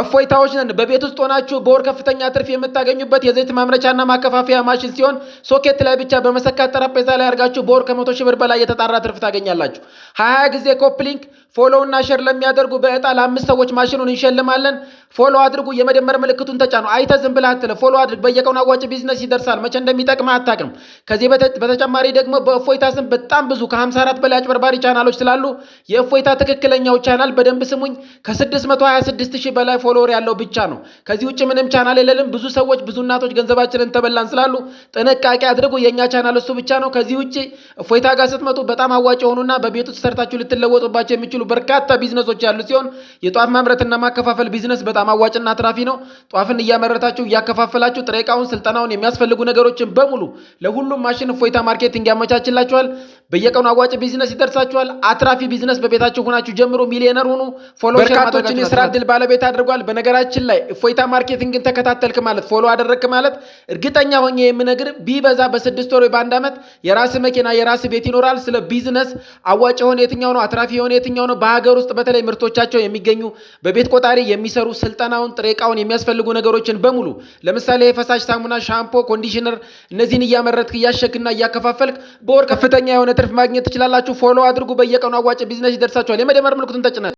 እፎይታዎች ነን። በቤት ውስጥ ሆናችሁ በወር ከፍተኛ ትርፍ የምታገኙበት የዘይት ማምረቻና ማከፋፈያ ማሽን ሲሆን ሶኬት ላይ ብቻ በመሰካት ጠረጴዛ ላይ አድርጋችሁ በወር ከመቶ ሺህ ብር በላይ የተጣራ ትርፍ ታገኛላችሁ። ሀያ ጊዜ ኮፕሊንክ ፎሎው እና ሼር ለሚያደርጉ በእጣ ለአምስት ሰዎች ማሽኑን እንሸልማለን። ፎሎ አድርጉ። የመደመር ምልክቱን ተጫኑ። አይተ ዝም ብለህ አትለፍ። ፎሎ አድርግ። በየቀኑ አዋጭ ቢዝነስ ይደርሳል። መቼ እንደሚጠቅም አታውቅም። ከዚህ በተጨማሪ ደግሞ በእፎይታ ስም በጣም ብዙ ከ54 በላይ አጭበርባሪ ቻናሎች ስላሉ የእፎይታ ትክክለኛው ቻናል በደንብ ስሙኝ። ከ626 ሺህ በላይ ፎሎወር ያለው ብቻ ነው። ከዚህ ውጭ ምንም ቻናል የለንም። ብዙ ሰዎች ብዙ እናቶች ገንዘባችንን ተበላን ስላሉ ጥንቃቄ አድርጉ። የእኛ ቻናል እሱ ብቻ ነው። ከዚህ ውጭ እፎይታ ጋር ስትመጡ በጣም አዋጭ የሆኑና በቤት ውስጥ ሰርታችሁ ልትለወጡባቸው የሚችሉ በርካታ ቢዝነሶች ያሉ ሲሆን የጧፍ ማምረትና ማከፋፈል ቢዝነስ በጣም አዋጭና አትራፊ ነው። ጧፍን እያመረታችሁ እያከፋፈላችሁ ጥሬ ስልጠናውን፣ የሚያስፈልጉ ነገሮችን በሙሉ ለሁሉም ማሽን እፎይታ ማርኬቲንግ ያመቻችላችኋል። በየቀኑ አዋጭ ቢዝነስ ይደርሳችኋል። አትራፊ ቢዝነስ በቤታችሁ ሆናችሁ ጀምሮ ሚሊዮነር ሁኑ። ፎሎ በርካቶችን የስራ እድል ባለቤት አድርጓል። በነገራችን ላይ እፎይታ ማርኬቲንግን ተከታተልክ ማለት ፎሎ አደረግክ ማለት እርግጠኛ ሆኜ የምነግር ቢበዛ በስድስት ወር በአንድ ዓመት የራስ መኪና የራስ ቤት ይኖራል። ስለ ቢዝነስ አዋጭ የሆነ የትኛው ነው? አትራፊ የሆነ የትኛው ነው? በሀገር ውስጥ በተለይ ምርቶቻቸው የሚገኙ በቤት ቆጣሪ የሚሰሩ ስልጠናውን፣ ጥሬ እቃውን የሚያስፈልጉ ነገሮችን በሙሉ ለምሳሌ የፈሳሽ ሳሙና፣ ሻምፖ፣ ኮንዲሽነር እነዚህን እያመረትክ እያሸክና እያከፋፈልክ በወር ከፍተኛ የሆነ ትርፍ ማግኘት ትችላላችሁ። ፎሎ አድርጉ። በየቀኑ አዋጭ ቢዝነስ ይደርሳችኋል። የመደመር ምልክቱን ተጭናል